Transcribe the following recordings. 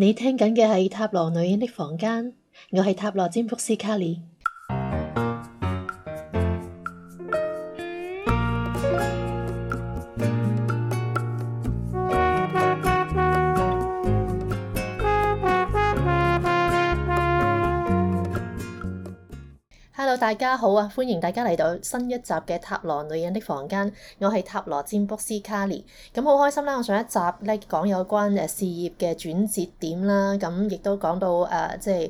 你聽緊嘅係《塔羅女人的房間》，我係塔羅占卜師卡莉。大家好啊！歡迎大家嚟到新一集嘅塔羅女人的房間，我係塔羅占卜師卡尼。咁好開心啦！我上一集咧講有關事業嘅轉折點啦，咁亦都講到誒、呃、即係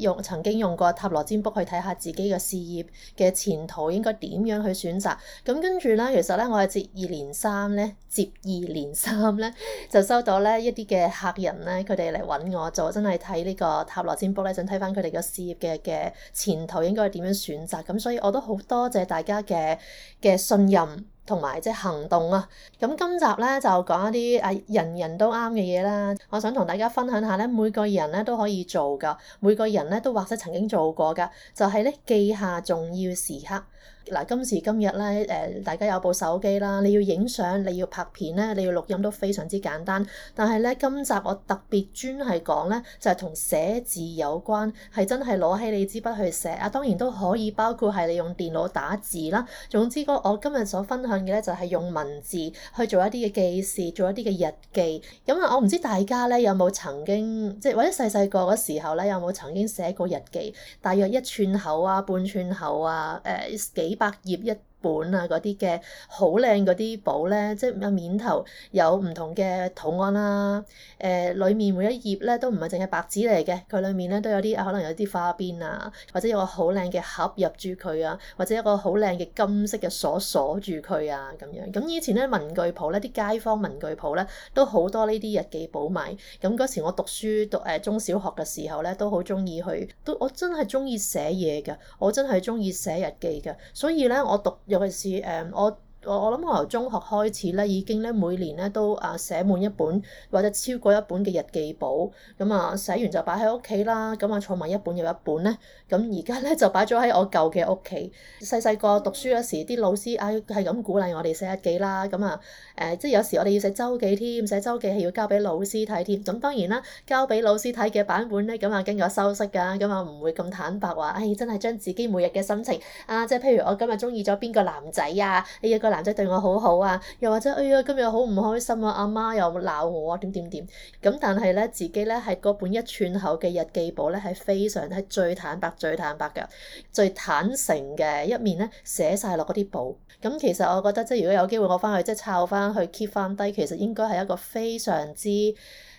用、呃、曾經用過塔羅占卜去睇下自己嘅事業嘅前途應該點樣去選擇。咁跟住呢，其實呢，我係接二連三咧，接二連三呢，就收到呢一啲嘅客人呢，佢哋嚟揾我做真係睇呢個塔羅占卜呢，想睇翻佢哋嘅事業嘅嘅前途應該點選擇咁，所以我都好多謝大家嘅嘅信任同埋即係行動啊！咁今集咧就講一啲啊人人都啱嘅嘢啦，我想同大家分享下咧，每個人咧都可以做噶，每個人咧都或者曾經做過噶，就係咧，記下重要時刻。嗱，今時今日咧，誒，大家有部手機啦，你要影相，你要拍片咧，你要錄音都非常之簡單。但係咧，今集我特別專係講咧，就係、是、同寫字有關，係真係攞起你支筆去寫啊！當然都可以包括係你用電腦打字啦。總之，個我今日所分享嘅咧，就係、是、用文字去做一啲嘅記事，做一啲嘅日記。咁、嗯、啊，我唔知大家咧有冇曾經，即係或者細細個嗰時候咧有冇曾經寫過日記，大約一寸厚啊，半寸厚啊，誒、呃。幾百頁一。本啊嗰啲嘅好靚嗰啲簿咧，即係面頭有唔同嘅圖案啦、啊。誒、呃，裏面每一頁咧都唔係淨係白紙嚟嘅，佢裏面咧都有啲可能有啲花邊啊，或者有個好靚嘅盒入住佢啊，或者一個好靚嘅金色嘅鎖鎖住佢啊咁樣。咁以前咧文具鋪咧啲街坊文具鋪咧都好多呢啲日記簿賣，咁嗰時我讀書讀誒中小學嘅時候咧，都好中意去，都我真係中意寫嘢嘅，我真係中意寫日記嘅。所以咧我讀。尤其是誒，我、um。我我諗我由中學開始咧，已經咧每年咧都啊寫滿一本或者超過一本嘅日記簿，咁、嗯、啊寫完就擺喺屋企啦，咁啊儲埋一本又一本咧，咁而家咧就擺咗喺我舊嘅屋企。細細個讀書嗰時，啲老師啊係咁鼓勵我哋寫日記啦，咁啊誒即係有時我哋要寫週記添，寫週記係要交俾老師睇添。咁、嗯、當然啦，交俾老師睇嘅版本咧，咁、嗯、啊經過修飾㗎，咁啊唔會咁坦白話，唉、哎、真係將自己每日嘅心情啊，即係譬如我今日中意咗邊個男仔啊，呢一個男仔對我好好啊，又或者哎呀，今日好唔開心啊，阿媽又鬧我啊，點點點。咁但係咧，自己咧係嗰本一寸厚嘅日記簿咧，係非常係最坦白、最坦白嘅、最坦誠嘅一面咧，寫晒落嗰啲簿。咁、嗯、其實我覺得，即係如果有機會我去，我翻去即係抄翻去 keep 翻低，其實應該係一個非常之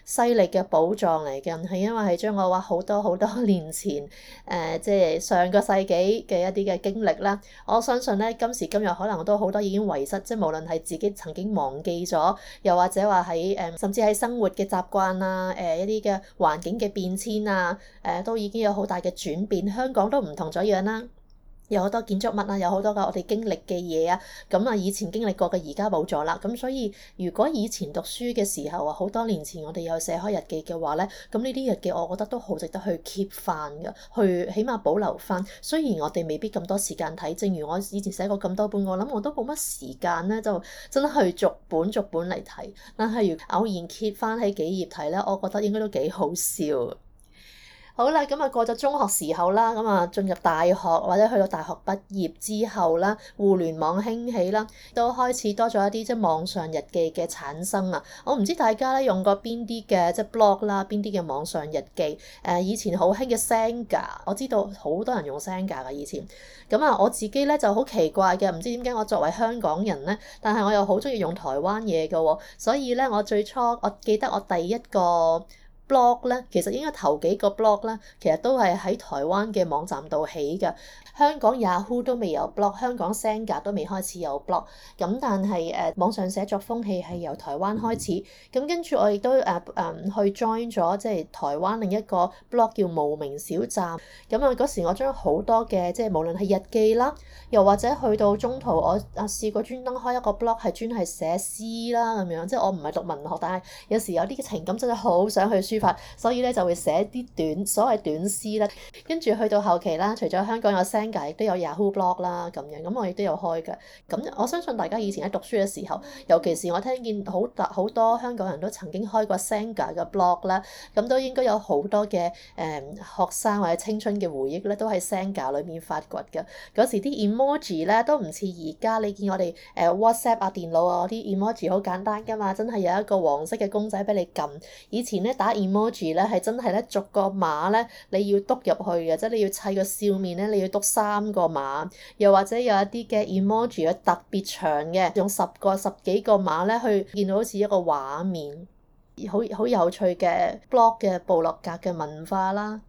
犀利嘅寶藏嚟嘅，係因為係將我話好多好多年前，誒、呃、即係上個世紀嘅一啲嘅經歷啦。我相信咧，今時今日可能都好多已經遺失，即係無論係自己曾經忘記咗，又或者話喺誒，甚至喺生活嘅習慣啊，誒、呃、一啲嘅環境嘅變遷啊，誒、呃、都已經有好大嘅轉變。香港都唔同咗樣啦。有好多建築物啊，有好多個我哋經歷嘅嘢啊，咁啊以前經歷過嘅而家冇咗啦，咁所以如果以前讀書嘅時候啊，好多年前我哋有寫開日記嘅話咧，咁呢啲日記我覺得都好值得去 keep 翻噶，去起碼保留翻。雖然我哋未必咁多時間睇，正如我以前寫過咁多本，我諗我都冇乜時間咧，就真係去逐本逐本嚟睇。但係如偶然 Keep 翻起幾頁睇咧，我覺得應該都幾好笑。好啦，咁啊過咗中學時候啦，咁啊進入大學或者去到大學畢業之後啦，互聯網興起啦，都開始多咗一啲即係網上日記嘅產生啊。我唔知大家咧用過邊啲嘅即係 blog 啦，邊啲嘅網上日記？誒，以前好興嘅 Xanga 我知道好多人用 Xanga 嘅以前。咁啊，我自己咧就好奇怪嘅，唔知點解我作為香港人咧，但係我又好中意用台灣嘢嘅喎。所以咧，我最初我記得我第一個。blog 咧，其實應該頭幾個 blog 咧，其實都係喺台灣嘅網站度起嘅。香港 Yahoo 都未有 blog，香港 Senga 都未開始有 blog。咁但係誒，網上寫作風氣係由台灣開始。咁跟住我亦都誒誒去 join 咗，即係台灣另一個 blog 叫無名小站。咁啊嗰時我將好多嘅即係無論係日記啦，又或者去到中途我啊試過專登開一個 blog 係專係寫詩啦咁樣，即係我唔係讀文學，但係有時有啲情感真係好想去書。抒發，所以咧就會寫啲短所謂短詩啦，跟住去到後期啦，除咗香港有 Senga，亦都有 Yahoo Blog 啦，咁樣，咁我亦都有開嘅。咁我相信大家以前喺讀書嘅時候，尤其是我聽見好好多，好多香港人都曾經開過 Senga 嘅 blog 啦，咁都應該有好多嘅誒、嗯、學生或者青春嘅回憶咧，都喺 Senga 裏面，發掘嘅。嗰時啲 emoji 咧都唔似而家，你見我哋誒 WhatsApp 啊電腦啊嗰啲 emoji 好簡單㗎嘛，真係有一個黃色嘅公仔俾你撳。以前咧打 Emoji 咧係真係咧，逐個碼咧，你要篤入去嘅，即係你要砌個笑面咧，你要篤三個碼，又或者有一啲嘅 emoji 係特別長嘅，用十個、十幾個碼咧去見到好似一個畫面，好好有趣嘅 blog 嘅部落格嘅文化啦。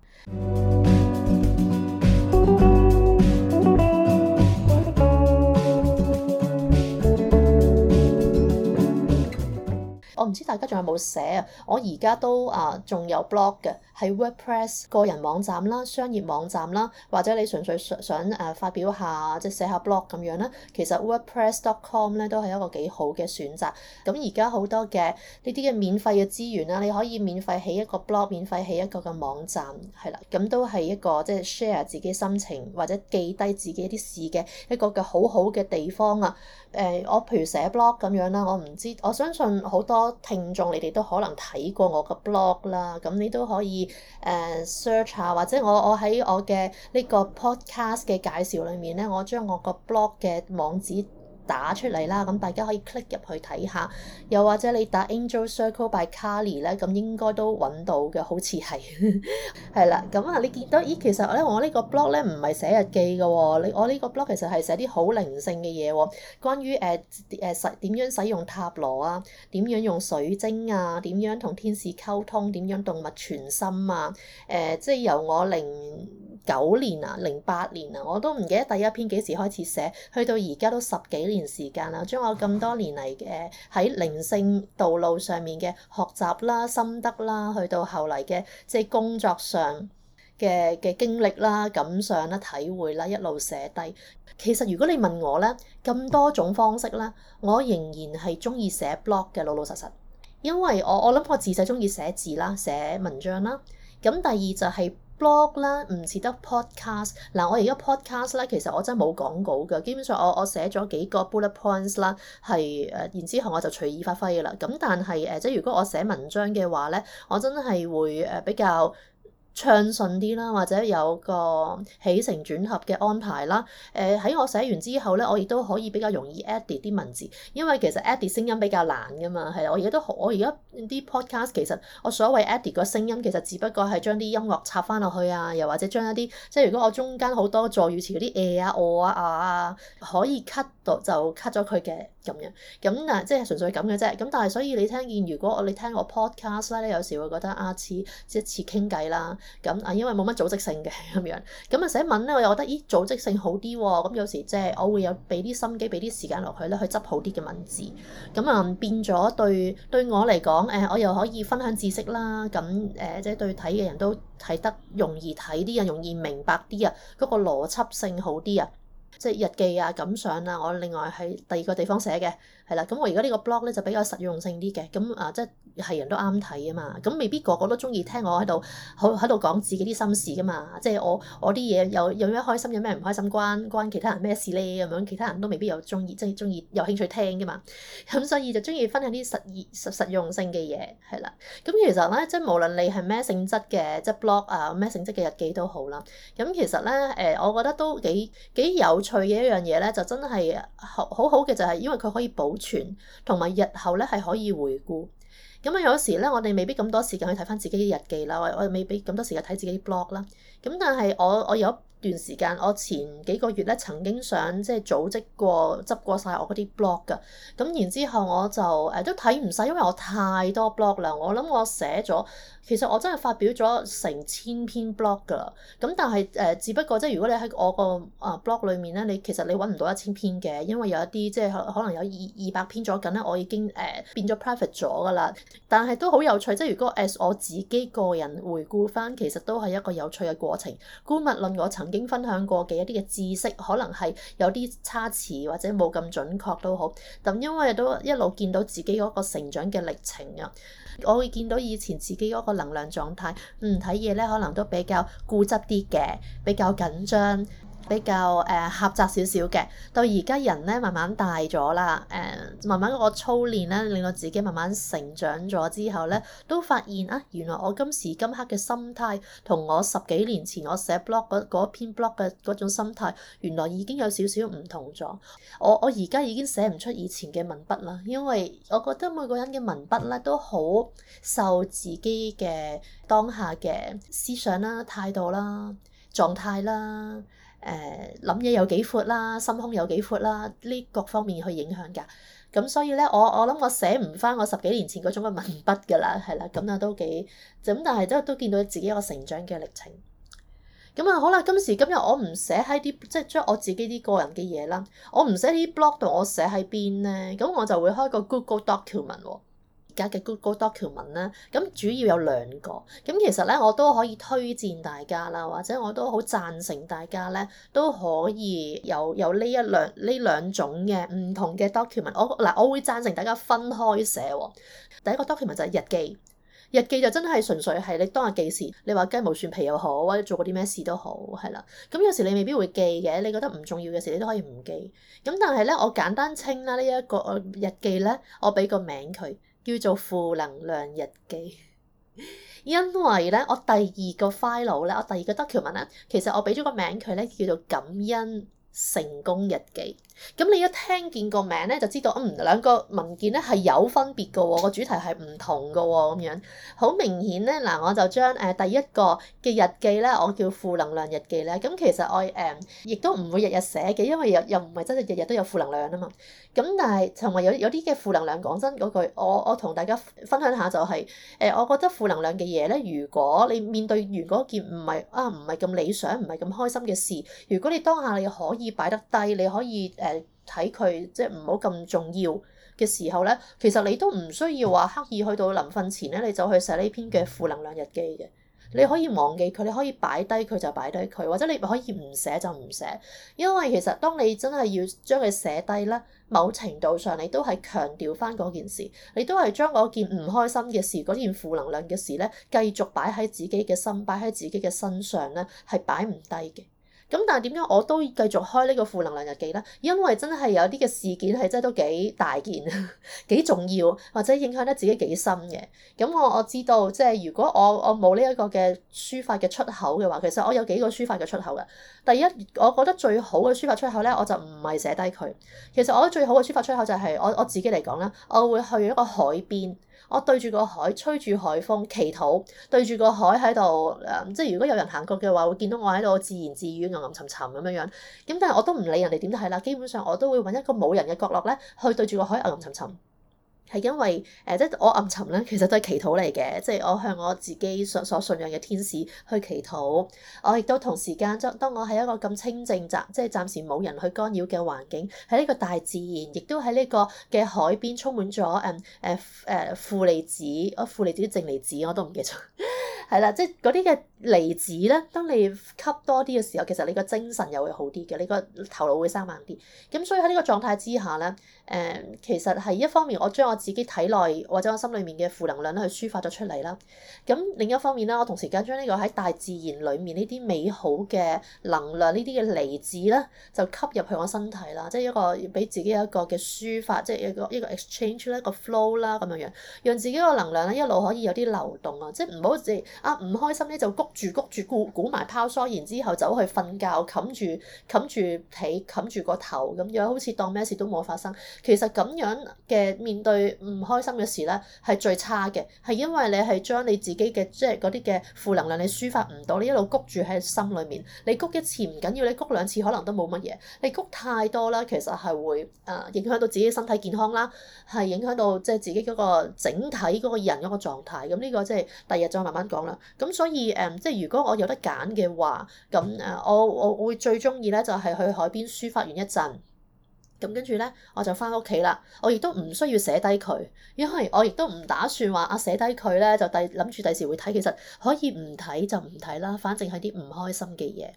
唔知大家仲有冇寫啊？我而家都啊仲有 blog 嘅，係 WordPress 個人網站啦、商業網站啦，或者你純粹想誒發表下、即係寫下 blog 咁樣啦。其實 WordPress dot com 咧都係一個幾好嘅選擇。咁而家好多嘅呢啲嘅免費嘅資源啦，你可以免費起一個 blog，免費起一個嘅網站，係啦，咁都係一個即係、就是、share 自己心情或者記低自己啲事嘅一個嘅好好嘅地方啊。誒、欸，我譬如寫 blog 咁樣啦，我唔知我相信好多。聽眾你哋都可能睇過我嘅 blog 啦，咁你都可以誒 search 下，或者我我喺我嘅呢個 podcast 嘅介紹裏面咧，我將我個 blog 嘅網址。打出嚟啦，咁大家可以 click 入去睇下，又或者你打 Angel Circle by Carly 咧，咁應該都揾到嘅，好似係係啦。咁 啊，你見到咦？其實咧，我呢個 blog 咧唔係寫日記嘅喎，你我呢個 blog 其實係寫啲好靈性嘅嘢喎，關於誒誒使點樣使用塔羅啊，點樣用水晶啊，點樣同天使溝通，點樣動物傳心啊，誒、呃，即係由我靈。九年啊，零八年啊，我都唔記得第一篇幾時開始寫，去到而家都十幾年時間啦。將我咁多年嚟嘅喺靈性道路上面嘅學習啦、心得啦，去到後嚟嘅即係工作上嘅嘅經歷啦、感想啦、體會啦，一路寫低。其實如果你問我呢，咁多種方式啦，我仍然係中意寫 blog 嘅，老老實實，因為我我諗我自細中意寫字啦、寫文章啦。咁第二就係、是。blog 啦，唔似得 podcast。嗱，我而家 podcast 咧，其實我真係冇講稿㗎。基本上我，我我寫咗幾個 bullet points 啦，係誒，然之後我就隨意發揮㗎喇。咁但係誒，即係如果我寫文章嘅話咧，我真係會誒比較暢順啲啦，或者有個起承轉合嘅安排啦。誒、呃、喺我寫完之後呢，我亦都可以比較容易 edit 啲文字，因為其實 edit 聲音比較難㗎嘛。係啊，我而家都我而家啲 podcast 其實我所謂 edit 個聲音其實只不過係將啲音樂插返落去啊，又或者將一啲即係如果我中間好多助語詞嗰啲啊、我啊、啊，啊，啊，啊，啊可以 cut 到就 cut 咗佢嘅。咁樣，咁啊，即係純粹咁嘅啫。咁但係所以你聽見，如果我你聽我 podcast 咧，有時會覺得啊，似即係似傾偈啦。咁啊，因為冇乜組織性嘅咁樣。咁啊，寫文咧我又覺得，咦，組織性好啲喎。咁有時即係我會有俾啲心機，俾啲時間落去咧，去執好啲嘅文字。咁啊，變咗對對我嚟講，誒，我又可以分享知識啦。咁誒、呃，即係對睇嘅人都睇得容易睇啲啊，容易明白啲啊，嗰、那個邏輯性好啲啊。即係日記啊、感想啊，我另外喺第二個地方寫嘅，係啦。咁我而家呢個 blog 呢就比較實用性啲嘅，咁啊即係。係人都啱睇啊嘛，咁未必個個都中意聽我喺度喺喺度講自己啲心事噶嘛。即係我我啲嘢有有咩開心，有咩唔開心，關關其他人咩事咧？咁樣其他人都未必有中意，即係中意有興趣聽噶嘛。咁所以就中意分享啲實實用性嘅嘢係啦。咁其實咧，即係無論你係咩性質嘅即係 blog 啊咩性質嘅日記都好啦。咁其實咧誒、呃，我覺得都幾幾有趣嘅一樣嘢咧，就真係好，好好嘅就係因為佢可以保存同埋日後咧係可以回顧。咁有時咧，我哋未必咁多時間去睇返自己啲日記啦，我我未必咁多時間睇自己啲 blog 啦。咁但係我我有段時間，我前幾個月咧曾經想即係組織過執過晒我嗰啲 blog 㗎，咁然之後我就誒、呃、都睇唔晒，因為我太多 blog 啦。我諗我寫咗，其實我真係發表咗成千篇 blog 㗎。咁但係誒、呃，只不過即係如果你喺我個 blog 裡面咧，你其實你揾唔到一千篇嘅，因為有一啲即係可能有二二百篇咗緊咧，我已經誒、呃、變咗 private 咗㗎啦。但係都好有趣，即係如果 as 我自己個人回顧返，其實都係一個有趣嘅過程。觀物論嗰層。曾經分享過嘅一啲嘅知識，可能係有啲差池或者冇咁準確都好。咁因為都一路見到自己嗰個成長嘅歷程啊，我會見到以前自己嗰個能量狀態，嗯，睇嘢咧可能都比較固執啲嘅，比較緊張。比較誒狹窄少少嘅。到而家人咧慢慢大咗啦，誒慢慢個操練咧令到自己慢慢成長咗之後咧，都發現啊，原來我今時今刻嘅心態同我十幾年前我寫 blog 嗰篇 blog 嘅嗰種心態，原來已經有少少唔同咗。我我而家已經寫唔出以前嘅文筆啦，因為我覺得每個人嘅文筆咧都好受自己嘅當下嘅思想啦、啊、態度啦、啊、狀態啦、啊。誒諗嘢有幾闊啦，心胸有幾闊啦，呢各方面去影響㗎。咁所以咧，我我諗我寫唔返我十幾年前嗰種嘅文筆㗎啦，係啦，咁啊都幾咁，但係都都見到自己一個成長嘅歷程。咁啊好啦，今時今日我唔寫喺啲即係將我自己啲個人嘅嘢啦，我唔寫啲 blog 度，我寫喺邊咧？咁我就會開個 Google Document、哦。家嘅 Google Document 啦，咁主要有兩個。咁其實咧，我都可以推薦大家啦，或者我都好贊成大家咧都可以有有呢一兩呢兩種嘅唔同嘅 document。我嗱，我會贊成大家分開寫喎、哦。第一個 document 就係日記，日記就真係純粹係你當日記時，你話雞毛蒜皮又好，或者做過啲咩事都好，係啦。咁有時你未必會記嘅，你覺得唔重要嘅事，你都可以唔記。咁但係咧，我簡單清啦呢一個日記咧，我俾個名佢，叫做負能量日記， 因為咧，我第二個 file 咧，我第二個 document 咧，其實我畀咗個名佢咧，叫做感恩成功日記。咁你一聽見個名咧，就知道嗯兩個文件咧係有分別㗎喎，個主題係唔同㗎喎，哦，咁樣好明顯咧嗱，我就將誒、呃、第一個嘅日記咧，我叫負能量日記咧。咁、嗯、其實我誒亦、嗯、都唔會日日寫嘅，因為又又唔係真係日日都有負能量啊嘛。咁、嗯、但係同埋有有啲嘅負能量，講真嗰句，我我同大家分享下就係、是、誒、呃，我覺得負能量嘅嘢咧，如果你面對完嗰件唔係啊唔係咁理想、唔係咁開心嘅事，如果你當下你可以擺得低，你可以。睇佢即係唔好咁重要嘅時候呢，其實你都唔需要話刻意去到臨瞓前咧，你就去寫呢篇嘅負能量日記嘅。你可以忘記佢，你可以擺低佢就擺低佢，或者你可以唔寫就唔寫。因為其實當你真係要將佢寫低呢，某程度上你都係強調翻嗰件事，你都係將嗰件唔開心嘅事，嗰件負能量嘅事呢，繼續擺喺自己嘅心，擺喺自己嘅身上呢，係擺唔低嘅。咁但係點解我都繼續開呢個負能量日記咧，因為真係有啲嘅事件係真都幾大件，幾重要或者影響得自己幾深嘅。咁我我知道即係、就是、如果我我冇呢一個嘅抒發嘅出口嘅話，其實我有幾個抒發嘅出口嘅。第一，我覺得最好嘅抒發出口咧，我就唔係寫低佢。其實我覺得最好嘅抒發出口就係、是、我我自己嚟講啦，我會去一個海邊。我對住個海吹住海風祈禱，對住個海喺度，即係如果有人行過嘅話，會見到我喺度自言自語，吟吟沉沉咁樣樣。咁但係我都唔理人哋點睇啦，基本上我都會搵一個冇人嘅角落咧，去對住個海吟吟沉沉。係因為誒、呃，即係我暗沉咧，其實都係祈禱嚟嘅，即係我向我自己所，所信仰嘅天使去祈禱。我亦都同時間，當我喺一個咁清靜暫，即係暫時冇人去干擾嘅環境，喺呢個大自然，亦都喺呢個嘅海邊充滿咗誒誒誒負離子，負離子、正離子我都唔記得，係 啦，即係嗰啲嘅。離子咧，當你吸多啲嘅時候，其實你個精神又會好啲嘅，你個頭腦會生猛啲。咁所以喺呢個狀態之下咧，誒、嗯，其實係一方面，我將我自己體內或者我心裡面嘅負能量咧去抒發咗出嚟啦。咁另一方面啦，我同時間將呢個喺大自然裡面呢啲美好嘅能量，呢啲嘅離子咧，就吸入去我身體啦，即係一個俾自己一個嘅抒發，即係一個一個 exchange 一個 flow 啦咁樣樣，讓自己個能量咧一路可以有啲流動啊，即係唔好自啊唔開心咧就焗住谷住，谷谷埋拋梭，然之後走去瞓覺，冚住冚住被，冚住個頭咁樣，好似當咩事都冇發生。其實咁樣嘅面對唔開心嘅事呢，係最差嘅，係因為你係將你自己嘅即係嗰啲嘅負能量你抒發唔到，你一路谷住喺心裏面，你谷一次唔緊要，你谷兩次可能都冇乜嘢，你谷太多啦，其實係會誒、呃、影響到自己身體健康啦，係影響到即係、就是、自己嗰個整體嗰個人嗰個狀態。咁、這、呢個即係第日再慢慢講啦。咁所以誒。呃即係如果我有得揀嘅話，咁誒我我會最中意咧，就係去海邊抒發完一陣，咁跟住咧我就返屋企啦。我亦都唔需要寫低佢，因為我亦都唔打算話啊寫低佢咧，就第諗住第時會睇。其實可以唔睇就唔睇啦，反正係啲唔開心嘅嘢。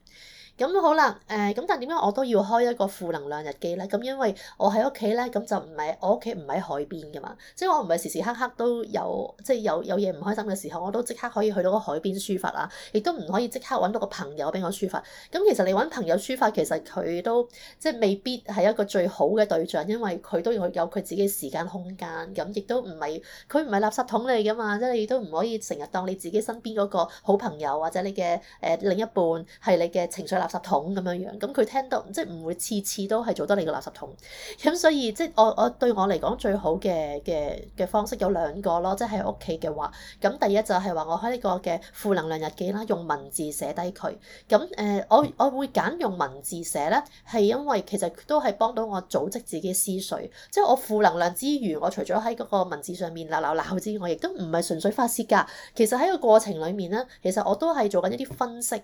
咁好啦，誒咁但係點解我都要開一個負能量日記咧？咁因為我喺屋企咧，咁就唔係，我屋企唔喺海邊噶嘛，即係我唔係時時刻刻都有即係有有嘢唔開心嘅時候，我都即刻可以去到嗰個海邊抒發啊，亦都唔可以即刻揾到個朋友俾我抒發。咁其實你揾朋友抒發，其實佢都即係未必係一個最好嘅對象，因為佢都要有佢自己時間空間，咁亦都唔係，佢唔係垃圾桶嚟噶嘛，即係你亦都唔可以成日當你自己身邊嗰個好朋友或者你嘅誒、呃、另一半係你嘅情緒垃。垃圾桶咁樣樣，咁佢聽到即係唔會次次都係做得你個垃圾桶，咁所以即係我我對我嚟講最好嘅嘅嘅方式有兩個咯，即係喺屋企嘅話，咁第一就係話我喺呢個嘅負能量日記啦，用文字寫低佢，咁誒、呃、我我會揀用文字寫咧，係因為其實都係幫到我組織自己思緒，即係我負能量之餘，我除咗喺嗰個文字上面鬧鬧鬧之外，亦都唔係純粹發泄噶，其實喺個過程裡面咧，其實我都係做緊一啲分析，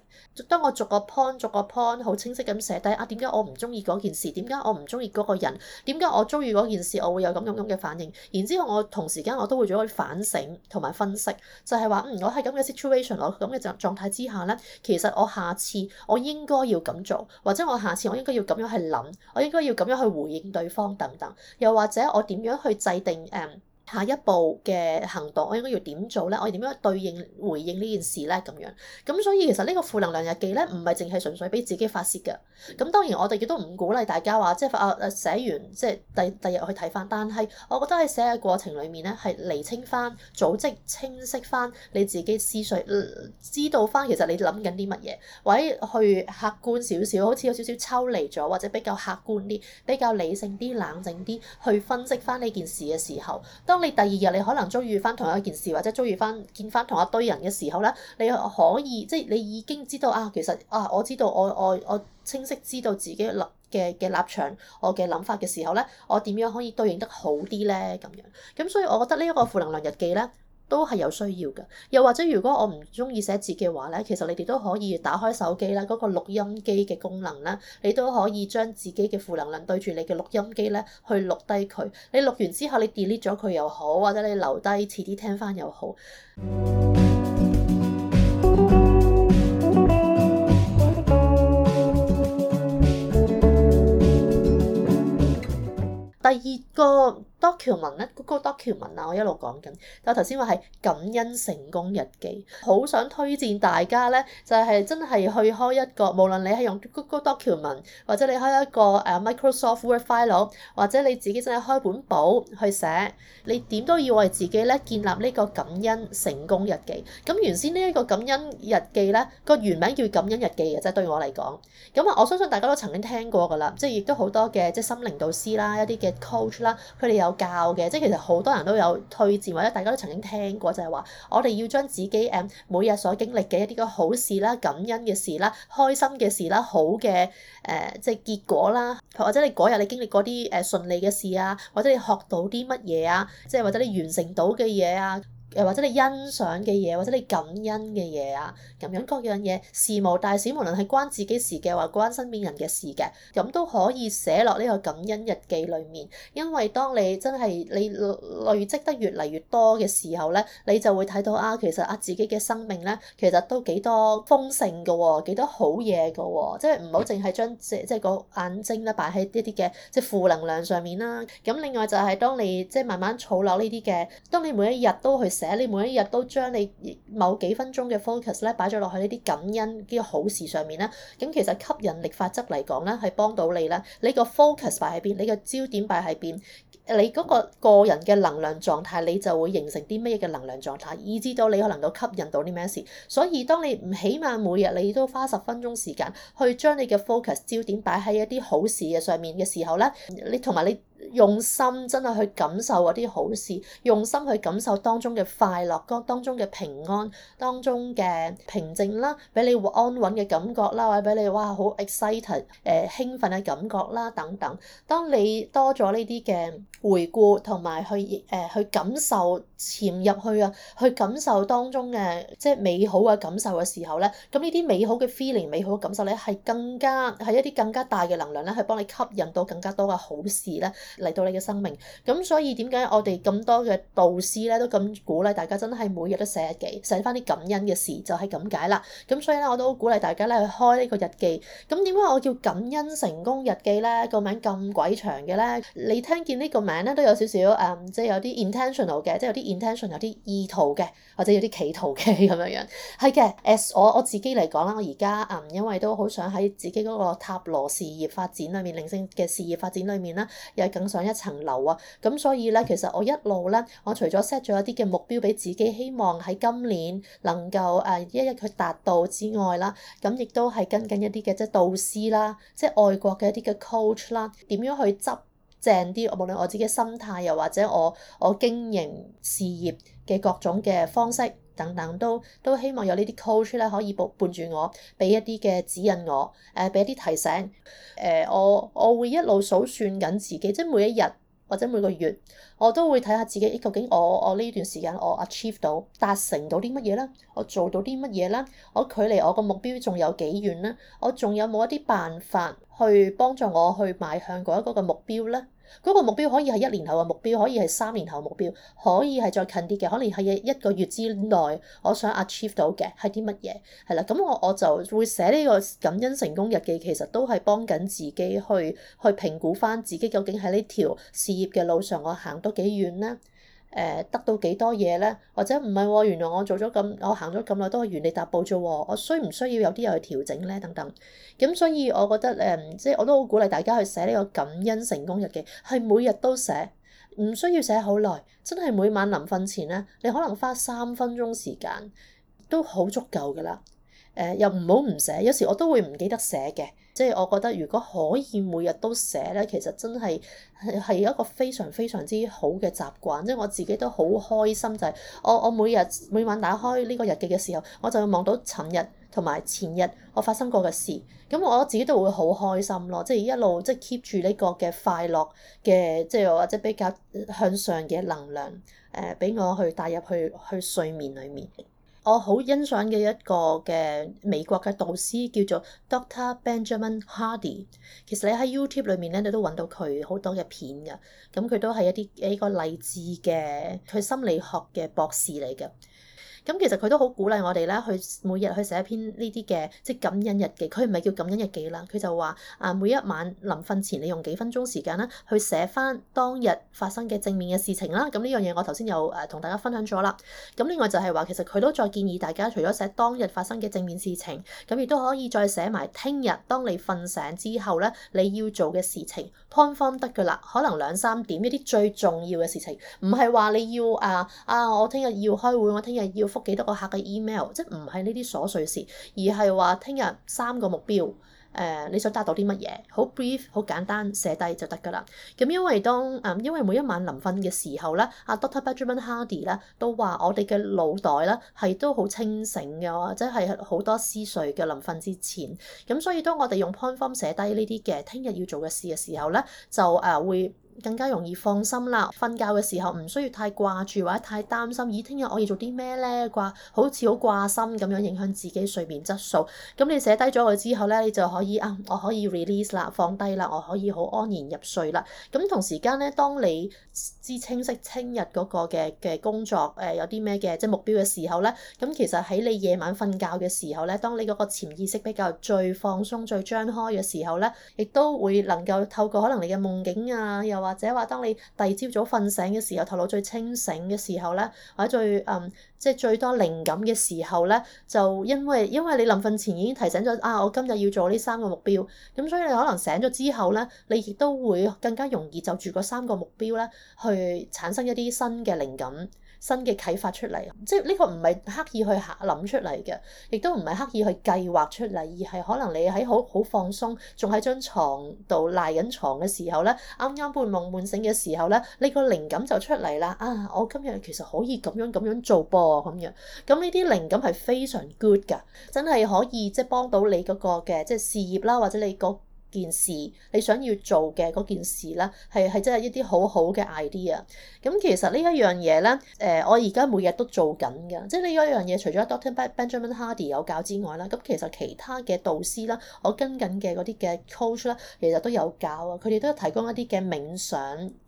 當我逐個 point 逐。個 point 好清晰咁寫低啊！點解我唔中意嗰件事？點解我唔中意嗰個人？點解我遭遇嗰件事，我會有咁樣咁嘅反應，然之後我同時間我都會做去反省同埋分析，就係話嗯，我係咁嘅 situation，我咁嘅狀態之下咧，其實我下次我應該要咁做，或者我下次我應該要咁樣去諗，我應該要咁樣去回應對方等等，又或者我點樣去制定誒。嗯下一步嘅行動，我應該要點做咧？我點樣對應、回應呢件事咧？咁樣咁，所以其實呢個負能量日記咧，唔係淨係純粹俾自己發泄㗎。咁當然我哋亦都唔鼓勵大家話，即係啊啊寫完即係第第日，日，日去睇翻。但係我覺得喺寫嘅過程裡面咧，係釐清翻、組織、清晰翻你自己思緒、嗯，知道翻其實你諗緊啲乜嘢，或者去客觀少少，好似有少少抽離咗，或者比較客觀啲、比較理性啲、冷靜啲去分析翻呢件事嘅時候。當你第二日你可能遭遇翻同一件事，或者遭遇翻見翻同一堆人嘅時候咧，你可以即係、就是、你已經知道啊，其實啊，我知道我我我清晰知道自己立嘅嘅立場，我嘅諗法嘅時候咧，我點樣可以對應得好啲咧咁樣？咁所以我覺得呢、這、一個負能量日記咧，呢都係有需要嘅，又或者如果我唔中意寫字嘅話呢，其實你哋都可以打開手機啦，嗰個錄音機嘅功能啦，你都可以將自己嘅負能量對住你嘅錄音機呢去錄低佢。你錄完之後，你 delete 咗佢又好，或者你留低遲啲聽翻又好。 第二個。Document 咧，Google Document 啊！我一路講緊，但我頭先話係感恩成功日記，好想推薦大家咧，就係真係去開一個，無論你係用 Google Document，或者你開一個 Microsoft Word file，或者你自己真係開本簿去寫，你點都要為自己咧建立呢個感恩成功日記。咁原先呢一個感恩日記咧，個原名叫感恩日記嘅啫，即係、對我嚟講，咁啊我相信大家都曾經聽過㗎啦，即係亦都好多嘅即係心靈導師啦、一啲嘅 coach 啦，佢哋有。教嘅，即係其實好多人都有推薦，或者大家都曾經聽過，就係話我哋要將自己誒每日所經歷嘅一啲嘅好事啦、感恩嘅事啦、開心嘅事啦、好嘅誒、呃、即係結果啦，或者你嗰日你經歷過啲誒順利嘅事啊，或者你學到啲乜嘢啊，即係或者你完成到嘅嘢啊。又或者你欣賞嘅嘢，或者你感恩嘅嘢啊，咁樣各樣嘢，事無大小，無論係關自己事嘅，或關身邊人嘅事嘅，咁都可以寫落呢個感恩日記裡面。因為當你真係你累積得越嚟越多嘅時候咧，你就會睇到啊，其實啊自己嘅生命咧，其實都幾多豐盛㗎喎，幾多好嘢㗎喎，即係唔好淨係將即即個眼睛咧擺喺一啲嘅即負能量上面啦。咁另外就係當你即係慢慢儲留呢啲嘅，當你每一日都去你每一日都將你某幾分鐘嘅 focus 咧擺咗落去呢啲感恩啲好事上面咧，咁其實吸引力法則嚟講咧，係幫到你啦。你個 focus 擺喺邊，你個焦點擺喺邊，你嗰個個人嘅能量狀態，你就會形成啲咩嘅能量狀態，以至到你能夠吸引到啲咩事。所以當你唔起碼每日你都花十分鐘時間去將你嘅 focus 焦點擺喺一啲好事嘅上面嘅時候咧，你同埋你，用心真係去感受嗰啲好事，用心去感受當中嘅快樂，當中嘅平安，當中嘅平靜啦，俾你安穩嘅感覺啦，或者俾你哇好 excited 誒、呃、興奮嘅感覺啦等等。當你多咗呢啲嘅回顧同埋去誒、呃、去感受潛入去啊，去感受當中嘅即係美好嘅感受嘅時候咧，咁呢啲美好嘅 feeling、美好嘅感受咧，係更加係一啲更加大嘅能量咧，去幫你吸引到更加多嘅好事咧，嚟到你嘅生命，咁所以點解我哋咁多嘅導師咧都咁鼓勵大家，真係每日都寫日記，寫翻啲感恩嘅事就係咁解啦。咁所以咧我都好鼓勵大家咧去開呢個日記。咁點解我叫感恩成功日記咧？個名咁鬼長嘅咧，你聽見呢個名咧都有少少誒、嗯，即係有啲 intentional 嘅，即係有啲 intentional 有啲意圖嘅，或者有啲企圖嘅咁樣樣。係嘅，s 我我自己嚟講啦，我而家嗯，因為都好想喺自己嗰個塔羅事業發展裏面，靈性嘅事業發展裏面啦，更上一層樓啊！咁所以咧，其實我一路咧，我除咗 set 咗一啲嘅目標俾自己，希望喺今年能夠誒一一去達到之外啦，咁亦都係跟緊一啲嘅即係導師啦，即係外國嘅一啲嘅 coach 啦，點樣去執正啲，無論我自己嘅心態，又或者我我經營事業嘅各種嘅方式。等等都都希望有呢啲 coach 咧，可以陪伴住我，俾一啲嘅指引我，誒、呃、俾一啲提醒。誒、呃、我我會一路數算緊自己，即係每一日或者每個月，我都會睇下自己究竟我我呢段時間我 achieve 到達成到啲乜嘢咧？我做到啲乜嘢咧？我距離我個目標仲有幾遠咧？我仲有冇一啲辦法去幫助我去邁向嗰一個嘅目標咧？嗰個目標可以係一年後嘅目標，可以係三年後目標，可以係再近啲嘅，可能係一一個月之內我我，我想 achieve 到嘅係啲乜嘢？係啦，咁我我就會寫呢個感恩成功日記，其實都係幫緊自己去去評估返自己究竟喺呢條事業嘅路上，我行到幾遠呢？誒得到幾多嘢咧？或者唔係喎，原來我做咗咁，我行咗咁耐都係原地踏步啫。我需唔需要有啲嘢去調整咧？等等咁，所以我覺得誒、呃，即係我都好鼓勵大家去寫呢個感恩成功日記，係每日都寫，唔需要寫好耐，真係每晚臨瞓前咧，你可能花三分鐘時間都好足夠㗎啦。誒、呃、又唔好唔寫，有時我都會唔記得寫嘅。即係我覺得，如果可以每日都寫咧，其實真係係一個非常非常之好嘅習慣。即係我自己都好開心，就係、是、我我每日每晚打開呢個日記嘅時候，我就會望到尋日同埋前日我發生過嘅事，咁我自己都會好開心咯。即係一路即係 keep 住呢個嘅快樂嘅，即係或者比較向上嘅能量，誒、呃、俾我去帶入去去睡眠裡面。我好欣賞嘅一個嘅美國嘅導師叫做 Dr. Benjamin Hardy，其實你喺 YouTube 裏面呢，你都揾到佢好多嘅片㗎。咁佢都係一啲一個勵志嘅，佢心理學嘅博士嚟嘅。咁其實佢都好鼓勵我哋咧，去每日去寫一篇呢啲嘅即係感恩日記。佢唔係叫感恩日記啦，佢就話啊，每一晚臨瞓前，你用幾分鐘時間咧，去寫翻當日發生嘅正面嘅事情啦。咁呢樣嘢我頭先又誒同、呃、大家分享咗啦。咁另外就係話，其實佢都再建議大家，除咗寫當日發生嘅正面事情，咁亦都可以再寫埋聽日當你瞓醒之後咧，你要做嘅事情 point form 得嘅啦。可能兩三點呢啲最重要嘅事情，唔係話你要啊啊，我聽日要開會，我聽日要復幾多個客嘅 email，即係唔係呢啲瑣碎事，而係話聽日三個目標，誒、呃、你想達到啲乜嘢，好 brief，好簡單寫低就得㗎啦。咁因為當誒因為每一晚臨瞓嘅時候咧，阿 Doctor Benjamin Hardy 咧都話我哋嘅腦袋咧係都好清醒嘅，或者係好多思緒嘅臨瞓之前，咁所以當我哋用 point form 寫低呢啲嘅聽日要做嘅事嘅時候咧，就誒會，更加容易放心啦！瞓覺嘅時候唔需要太掛住或者太擔心，咦？聽日我要做啲咩呢？掛好似好掛心咁樣，影響自己睡眠質素。咁你寫低咗佢之後呢，你就可以啊，我可以 release 啦，放低啦，我可以好安然入睡啦。咁同時間呢，當你知清晰聽日嗰個嘅嘅工作誒、呃、有啲咩嘅即係目標嘅時候呢，咁其實喺你夜晚瞓覺嘅時候呢，當你嗰個潛意識比較最放鬆、最張開嘅時候呢，亦都會能夠透過可能你嘅夢境啊，又～或者話，當你第二朝早瞓醒嘅時候，頭腦最清醒嘅時候咧，或者最嗯，即係最多靈感嘅時候咧，就因為因為你臨瞓前已經提醒咗啊，我今日要做呢三個目標，咁所以你可能醒咗之後咧，你亦都會更加容易就住嗰三個目標咧，去產生一啲新嘅靈感。新嘅啟發出嚟，即係呢個唔係刻意去諗出嚟嘅，亦都唔係刻意去計劃出嚟，而係可能你喺好好放鬆，仲喺張床度賴緊床嘅時候呢，啱啱半夢半醒嘅時候呢，你個靈感就出嚟啦！啊，我今日其實可以咁樣咁樣做噃，啊、咁樣，咁呢啲靈感係非常 good 㗎，真係可以即係幫到你嗰個嘅即係事業啦，或者你，個。件事你想要做嘅嗰件事啦，係係真係一啲好好嘅 idea。咁、嗯、其實一呢一樣嘢咧，誒、呃，我而家每日都做緊嘅，即係呢一樣嘢。除咗 Doctor Benjamin Hardy 有教之外啦，咁、嗯、其實其他嘅導師啦，我跟緊嘅嗰啲嘅 coach 咧，其實都有教啊。佢哋都提供一啲嘅冥想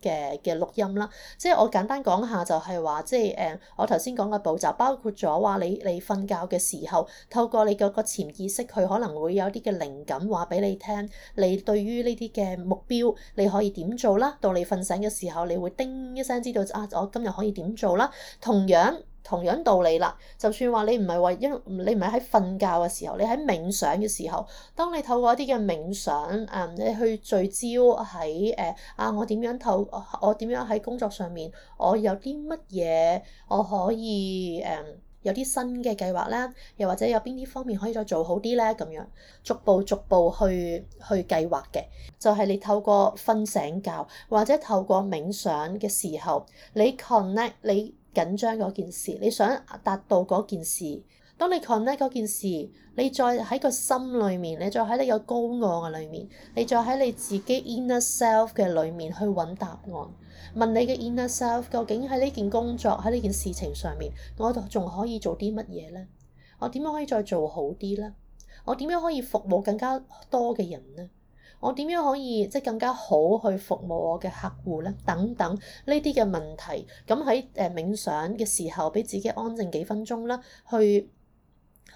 嘅嘅錄音啦。即係我簡單講下，就係話，即係誒、嗯，我頭先講嘅步驟，包括咗話你你瞓覺嘅時候，透過你嘅個潛意識，佢可能會有啲嘅靈感話俾你聽。你對於呢啲嘅目標，你可以點做啦？到你瞓醒嘅時候，你會叮一聲知道啊！我今日可以點做啦？同樣同樣道理啦。就算話你唔係話因你唔係喺瞓覺嘅時候，你喺冥想嘅時候，當你透過一啲嘅冥想，誒、嗯，你去聚焦喺誒啊，我點樣透我點樣喺工作上面，我有啲乜嘢我可以誒？嗯有啲新嘅計劃啦，又或者有邊啲方面可以再做好啲咧，咁樣，逐步逐步去去計劃嘅，就係你透過瞓醒覺或者透過冥想嘅時候，你 connect 你緊張嗰件事，你想達到嗰件事，當你 connect 嗰件事，你再喺個心裏面，你再喺你個高昂嘅裏面，你再喺你自己 inner self 嘅裏面去揾答案。問你嘅 inner self 究竟喺呢件工作喺呢件事情上面，我仲可以做啲乜嘢咧？我點樣可以再做好啲咧？我點樣可以服務更加多嘅人咧？我點樣可以即係、就是、更加好去服務我嘅客戶咧？等等呢啲嘅問題，咁喺誒冥想嘅時候，俾自己安靜幾分鐘啦，去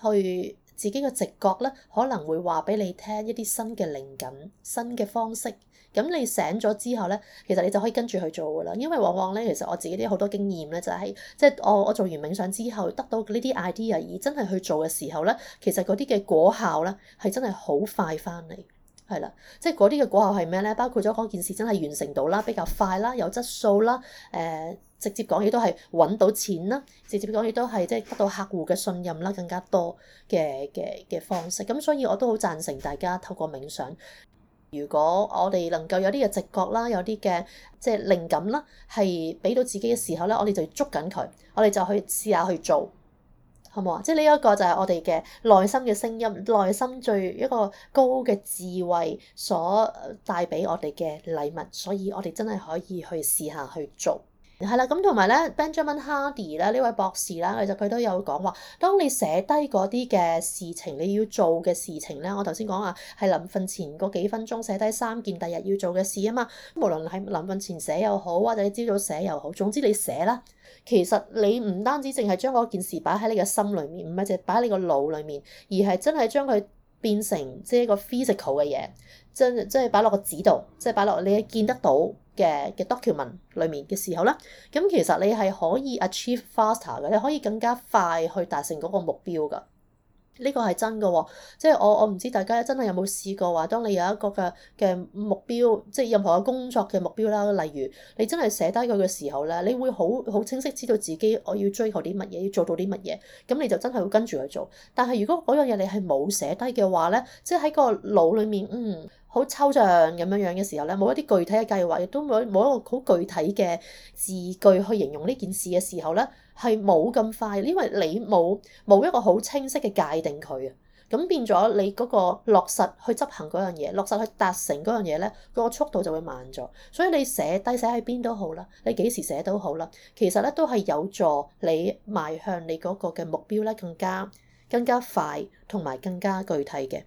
去自己嘅直覺咧，可能會話俾你聽一啲新嘅靈感、新嘅方式。咁你醒咗之後咧，其實你就可以跟住去做㗎喇。因為往往咧，其實我自己都有好多經驗咧，就係即係我我做完冥想之後得到呢啲 idea，而真係去做嘅時候咧，其實嗰啲嘅果效咧係真係好快返嚟，係啦。即係嗰啲嘅果效係咩咧？包括咗嗰件事真係完成到啦，比較快啦，有質素啦。誒、呃，直接講起都係揾到錢啦，直接講起都係即係得到客戶嘅信任啦，更加多嘅嘅嘅方式。咁所以我都好贊成大家透過冥想。如果我哋能夠有啲嘅直覺啦，有啲嘅即係靈感啦，係俾到自己嘅時候咧，我哋就要捉緊佢，我哋就去試下去做，好唔好啊？即係呢一個就係我哋嘅內心嘅聲音，內心最一個高嘅智慧所帶俾我哋嘅禮物，所以我哋真係可以去試下去做。係啦，咁同埋咧，Benjamin Hardy 咧呢位博士啦，其實佢都有講話，當你寫低嗰啲嘅事情，你要做嘅事情咧，我頭先講啊，係臨瞓前個幾分鐘寫低三件第日要做嘅事啊嘛，無論係臨瞓前寫又好，或者朝早寫又好，總之你寫啦。其實你唔單止淨係將嗰件事擺喺你嘅心裡面，唔係淨係擺喺你個腦裡面，而係真係將佢變成即係一個 physical 嘅嘢，將即係擺落個紙度，即係擺落你見得到。嘅嘅 document 裡面嘅時候咧，咁其實你係可以 achieve faster 嘅，你可以更加快去達成嗰個目標噶。呢個係真嘅喎、哦，即係我我唔知大家真係有冇試過話，當你有一個嘅嘅目標，即係任何嘅工作嘅目標啦，例如你真係寫低佢嘅時候咧，你會好好清晰知道自己我要追求啲乜嘢，要做到啲乜嘢，咁你就真係會跟住去做。但係如果嗰樣嘢你係冇寫低嘅話咧，即係喺個腦裡面，嗯。好抽象咁樣樣嘅時候咧，冇一啲具體嘅計劃，亦都冇冇一個好具體嘅字句去形容呢件事嘅時候咧，係冇咁快，因為你冇冇一個好清晰嘅界定佢啊，咁變咗你嗰個落實去執行嗰樣嘢，落實去達成嗰樣嘢咧，個速度就會慢咗。所以你寫低寫喺邊都好啦，你幾時寫都好啦，其實咧都係有助你邁向你嗰個嘅目標咧，更加更加快同埋更加具體嘅。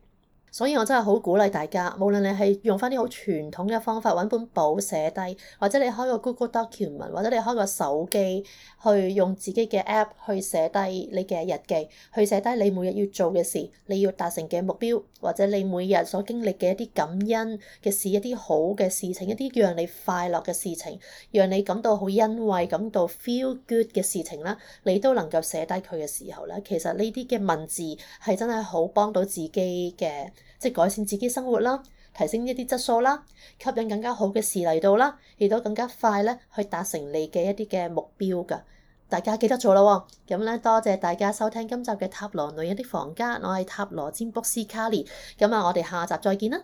所以我真係好鼓勵大家，無論你係用返啲好傳統嘅方法，揾本簿寫低，或者你開個 Google Document，或者你開個手機，去用自己嘅 App 去寫低你嘅日記，去寫低你每日要做嘅事，你要達成嘅目標，或者你每日所經歷嘅一啲感恩嘅事，一啲好嘅事情，一啲讓你快樂嘅事情，讓你感到好欣慰、感到 feel good 嘅事情啦，你都能夠寫低佢嘅時候咧，其實呢啲嘅文字係真係好幫到自己嘅。即係改善自己生活啦，提升一啲質素啦，吸引更加好嘅事嚟到啦，亦都更加快咧去達成你嘅一啲嘅目標噶。大家記得做咯喎，咁咧多謝大家收聽今集嘅塔羅女人的房間，我係塔羅占卜師卡莉，咁啊我哋下集再見啦。